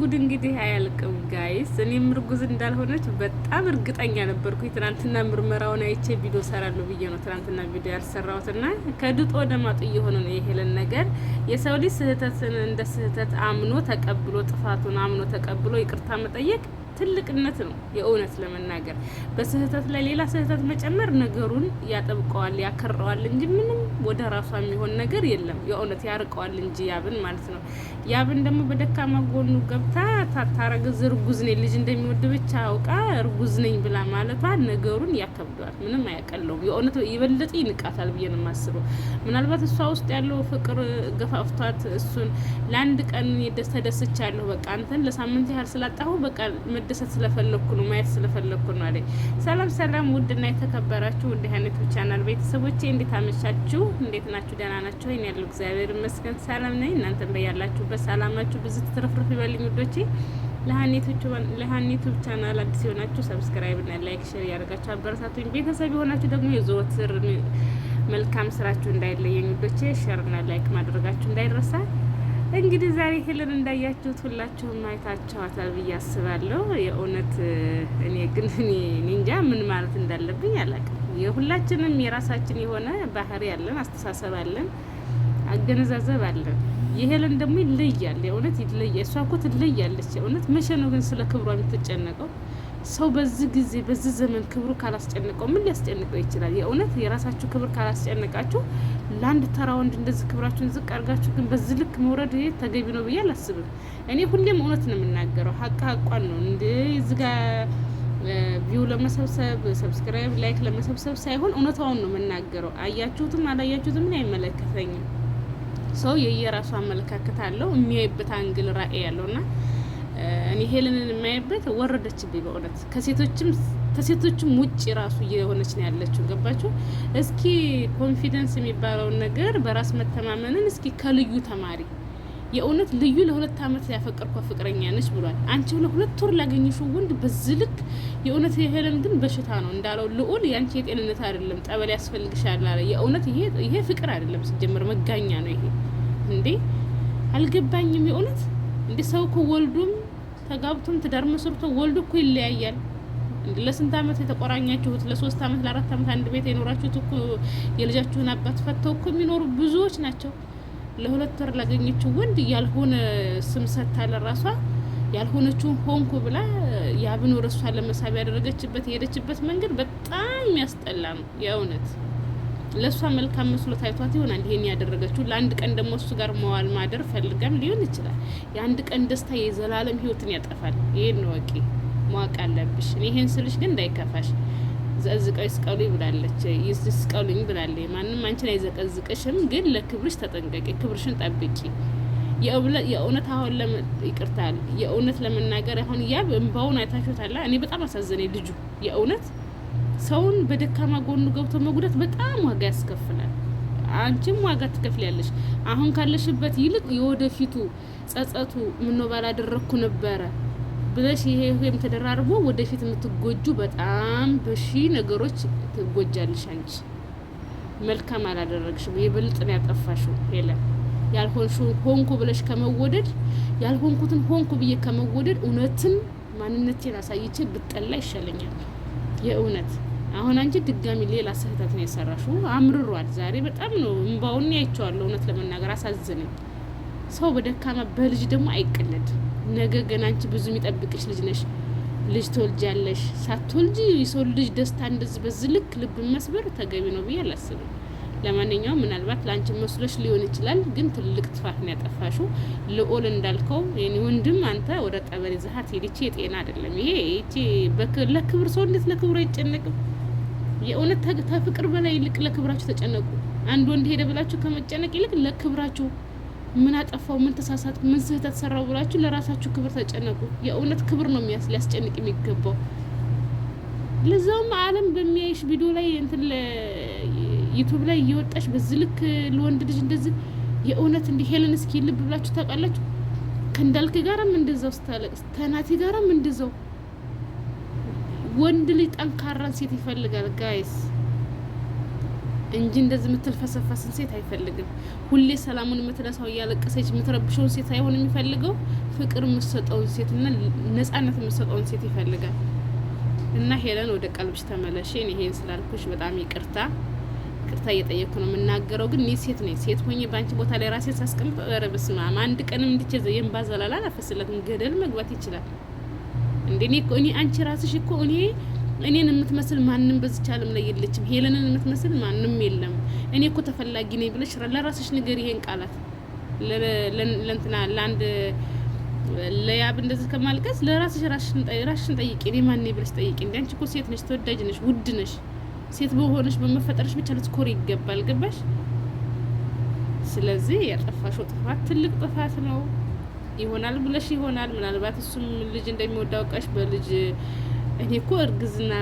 ጉድ እንግዲህ አያልቅም ጋይስ። እኔ ምርጉዝ እንዳልሆነች በጣም እርግጠኛ ነበርኩ። ትናንትና ምርመራውን አይቼ ቪዲዮ ሰራለሁ ብዬ ነው ትናንትና ቪዲዮ ያልሰራሁት እና ከድጦ ወደ ማጡ እየሆነ ነው የሄለን ነገር። የሰው ልጅ ስህተትን እንደ ስህተት አምኖ ተቀብሎ ጥፋቱን አምኖ ተቀብሎ ይቅርታ መጠየቅ ትልቅነት ነው። የእውነት ለመናገር በስህተት ላይ ሌላ ስህተት መጨመር ነገሩን ያጠብቀዋል፣ ያከረዋል እንጂ ምንም ወደ ራሷ የሚሆን ነገር የለም። የእውነት ያርቀዋል እንጂ ያብን ማለት ነው። ያብን ደግሞ በደካማ ጎኑ ገብታ ታታረገዝ እርጉዝ ነኝ ልጅ እንደሚወድ ብቻ አውቃ እርጉዝ ነኝ ብላ ማለቷ ነገሩን ያከብደዋል፣ ምንም አያቀለውም። የእውነት የበለጠ ይንቃታል ብዬ ነው የማስበው። ምናልባት እሷ ውስጥ ያለው ፍቅር ገፋፍቷት እሱን ለአንድ ቀን ተደስቻለሁ በቃ አንተን ለሳምንት ያህል ስላጣሁ በቃ መደሰት ስለፈለግኩ ነው፣ ማየት ስለፈለግኩ ነው አለኝ። ሰላም ሰላም፣ ውድና የተከበራችሁ ውድ አይነቱ ቻናል ቤተሰቦቼ እንዴት አመሻችሁ? እንዴት ናችሁ? ደህና ናችሁ? ይህን ያለው እግዚአብሔር ይመስገን ሰላም ነኝ። እናንተም በያላችሁበት ሰላማችሁ ብዙ ትርፍርፍ ይበልኝ ውዶቼ። ለሀኒቱ ቻናል አዲስ የሆናችሁ ሰብስክራይብ እና ላይክ ሼር ያደርጋችሁ አበረታቱኝ። ቤተሰብ የሆናችሁ ደግሞ የዘወትር መልካም ስራችሁ እንዳይለየኝ ውዶቼ፣ ሼር እና ላይክ ማድረጋችሁ እንዳይረሳ እንግዲህ ዛሬ ሄለን እንዳያችሁት ሁላችሁም አይታችኋታል ብዬ አስባለሁ። የእውነት እኔ ግን እኔ እንጃ ምን ማለት እንዳለብኝ አላውቅም። የሁላችንም የራሳችን የሆነ ባህሪ ያለን፣ አስተሳሰብ አለን፣ አገነዛዘብ አለን። የሄለን ደግሞ ይለያል። የእውነት ይለያል። እሷ እኮ ትለያለች። የእውነት መቼ ነው ግን ስለ ክብሯ የምትጨነቀው? ሰው በዚህ ጊዜ በዚህ ዘመን ክብሩ ካላስጨነቀው ምን ሊያስጨንቀው ይችላል? የእውነት የራሳችሁ ክብር ካላስጨነቃችሁ ለአንድ ተራ ወንድ እንደዚህ ክብራችሁን ዝቅ አድርጋችሁ ግን በዚህ ልክ መውረድ ይሄ ተገቢ ነው ብዬ አላስብም። እኔ ሁሌም እውነት ነው የምናገረው፣ ሀቅ ሀቋን ነው እንደ እዚህ ጋር ቪው ለመሰብሰብ ሰብስክራይብ፣ ላይክ ለመሰብሰብ ሳይሆን እውነታውን ነው የምናገረው። አያችሁትም አላያችሁትም ምን አይመለከተኝም። ሰው የየራሱ አመለካከት አለው የሚያይበት አንግል ራዕይ ያለውና እኔ ሄለንን የማየበት ወረደችብኝ በእውነት ከሴቶችም ከሴቶችም ውጭ ራሱ እየሆነች ነው ያለችው። ገባችሁ? እስኪ ኮንፊደንስ የሚባለውን ነገር በራስ መተማመንን እስኪ ከልዩ ተማሪ የእውነት ልዩ ለሁለት ዓመት ያፈቀርኳ ፍቅረኛ ነች ብሏል። አንቺ ለሁለት ወር ላገኘሽው ወንድ በዚህ ልክ የእውነት የሄለን ግን በሽታ ነው እንዳለው ልዑል፣ የአንቺ የጤንነት አይደለም ጠበል ያስፈልግሻል አለ። የእውነት ይሄ ፍቅር አይደለም ሲጀምር መጋኛ ነው ይሄ። እንዴ አልገባኝም። የእውነት እንዲ ሰው ከወልዱም ተጋብቶም ትዳር መስርቶ ወልዱ እኮ ይለያያል። ለስንት አመት የተቆራኛችሁት ለሶስት አመት ለአራት አመት አንድ ቤት የኖራችሁት እኮ የልጃችሁን አባት ፈተው እኮ የሚኖሩ ብዙዎች ናቸው። ለሁለት ወር ላገኘችው ወንድ ያልሆነ ስም ሰጥታ ለራሷ ያልሆነችውን ሆንኩ ብላ የአብኖር እሷ ለመሳቢያ ያደረገችበት የሄደችበት መንገድ በጣም ያስጠላ ነው የእውነት። ለእሷ መልካም መስሎ ታይቷት ይሆናል ይሄን ያደረገችው። ለአንድ ቀን ደግሞ እሱ ጋር መዋል ማደር ፈልጋም ሊሆን ይችላል። የአንድ ቀን ደስታ የዘላለም ህይወትን ያጠፋል። ይሄን ወቂ ማወቅ አለብሽ። ይሄን ስልሽ ግን እንዳይከፋሽ ዘዝቀው ይስቀሉ ብላለች፣ ይስቀሉኝ ብላለች። ማንም አንቺን አይዘቀዝቅሽም፣ ግን ለክብርሽ ተጠንቀቂ፣ ክብርሽን ጠብቂ። የእውነት አሁን ይቅርታል የእውነት ለመናገር አሁን ያ እንባውን አይታችሁታል። እኔ በጣም አሳዘነኝ ልጁ የእውነት ሰውን በደካማ ጎኑ ገብቶ መጉዳት በጣም ዋጋ ያስከፍላል። አንቺም ዋጋ ትከፍያለሽ። አሁን ካለሽበት ይልቅ የወደፊቱ ጸጸቱ ምነው ባላደረግኩ ነበረ ብለሽ ይሄ ወይም ተደራርቦ ወደፊት የምትጎጁ በጣም በሺ ነገሮች ትጎጃለሽ። አንቺ መልካም አላደረግሽም፣ የበልጥ ነው ያጠፋሽው። ሄለ ያልሆንሽው ሆንኩ ብለሽ ከመወደድ ያልሆንኩትን ሆንኩ ብዬ ከመወደድ እውነትን ማንነቴን አሳይቼ ብጠላ ይሻለኛል የእውነት አሁን አንቺ ድጋሚ ሌላ ስህተት ነው የሰራሽው። አምርሯል። ዛሬ በጣም ነው እምባውን ያይቸዋለሁ። እውነት ለመናገር አሳዝነኝ። ሰው በደካማ በልጅ ደግሞ አይቀለድ። ነገ ገና አንቺ ብዙ የሚጠብቅሽ ልጅ ነሽ። ልጅ ትወልጃለሽ። ሳትወልጂ የሰው ልጅ ደስታ እንደዚህ በዚህ ልክ ልብ መስበር ተገቢ ነው ብዬ አላስብም። ለማንኛውም ምናልባት ለአንቺ መስሎሽ ሊሆን ይችላል፣ ግን ትልቅ ጥፋት ነው ያጠፋሽው። ልኦል እንዳልከው የኔ ወንድም አንተ ወደ ጠበል ዛሀት ሄድቼ የጤና አይደለም ይሄ ለክብር ሰው እንዴት ለክብሩ አይጨነቅም? የእውነት ከፍቅር በላይ ይልቅ ለክብራችሁ ተጨነቁ። አንድ ወንድ ሄደ ብላችሁ ከመጨነቅ ይልቅ ለክብራችሁ ምን አጠፋው፣ ምን ተሳሳት፣ ምን ስህተት ሰራው ብላችሁ ለራሳችሁ ክብር ተጨነቁ። የእውነት ክብር ነው ሊያስጨንቅ የሚገባው። ለዛውም ዓለም በሚያይሽ ቪዲዮ ላይ እንትን ዩቱብ ላይ እየወጣሽ በዚህ ልክ ለወንድ ልጅ እንደዚህ የእውነት እንዲህ ሄለን እስኪ ልብ ብላችሁ ታውቃላችሁ። ከእንዳልክ ጋርም እንደዛው ስታለቅስ፣ ተናቴ ጋራም እንደዛው ወንድ ልጅ ጠንካራን ሴት ይፈልጋል ጋይስ እንጂ እንደዚህ የምትልፈሰፈስን ሴት አይፈልግም። ሁሌ ሰላሙን የምትለሳው እያለቀሰች የምትረብሸውን ሴት ሳይሆን የሚፈልገው ፍቅር የምትሰጠውን ሴት እና ነጻነት የምትሰጠውን ሴት ይፈልጋል። እና ሄለን ወደ ቀልብሽ ተመለሽ። ይሄን ስላልኩሽ በጣም ይቅርታ ቅርታ እየጠየቅኩ ነው የምናገረው። ግን እኔ ሴት ነኝ። ሴት ሆኜ በአንቺ ቦታ ላይ ራሴን ሳስቀምጥ፣ ኧረ በስመ አንድ ቀንም እንድቼ የእምባ ዘለላ አላፈስለትም። ገደል መግባት ይችላል። እኔ አንቺ ራስሽ እኮ እኔ እኔን የምትመስል ማንም በዚች ዓለም ላይ የለችም። ሄለንን የምትመስል ማንም የለም። እኔ እኮ ተፈላጊ ነኝ ብለሽ ለራስሽ ንገሪ። ይሄን ቃላት ለእንትና ለአንድ ለያብ እንደዚህ ከማልቀስ ለራስሽ ራስሽን ጠይቂ። እኔ ማን ብለሽ ጠይቂ። እንደ አንቺ እኮ ሴት ነሽ፣ ተወዳጅ ነሽ፣ ውድ ነሽ። ሴት በሆነሽ በመፈጠርሽ ብቻ ልትኮሪ ይገባል። ገባሽ? ስለዚህ ያጠፋሽው ጥፋት ትልቅ ጥፋት ነው። ይሆናል ብለሽ ይሆናል ምናልባት እሱም ልጅ እንደሚወድ አውቀሽ በልጅ እኔ እኮ እርግዝና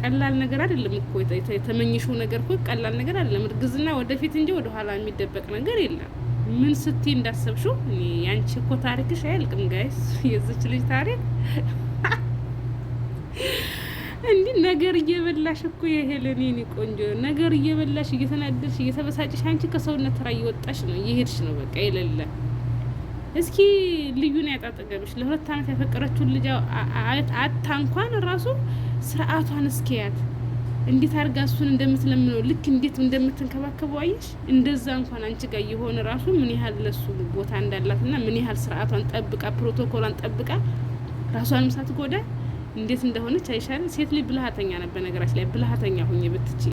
ቀላል ነገር አይደለም እኮ የተመኝሽው ነገር እኮ ቀላል ነገር አይደለም። እርግዝና ወደፊት እንጂ ወደኋላ የሚደበቅ ነገር የለም። ምን ስትይ እንዳሰብሽው ያንቺ እኮ ታሪክሽ አያልቅም። ጋይስ የዚች ልጅ ታሪክ እንዲህ ነገር እየበላሽ እኮ የሄለን የኔ ቆንጆ ነገር እየበላሽ እየተናደድሽ፣ እየተበሳጭሽ አንቺ ከሰውነት ራ እየወጣሽ ነው እየሄድሽ ነው በቃ የሌለ እስኪ ልዩን ያጣጠገብሽ ለሁለት ዓመት ያፈቀረችውን ልጅ አታ እንኳን ራሱ ስርዓቷን እስኪያት እንዴት አድርጋ እሱን እንደምትለምነው ልክ እንዴት እንደምትንከባከበው አየሽ። እንደዛ እንኳን አንቺ ጋር የሆነ ራሱ ምን ያህል ለሱ ቦታ እንዳላትና ምን ያህል ስርዓቷን ጠብቃ ፕሮቶኮሏን ጠብቃ ራሷንም ሳትጎዳ እንዴት እንደሆነች አይሻልም? ሴት ልጅ ብልሃተኛ ነበር። ነገራች ላይ ብልሃተኛ ሁኝ ብትች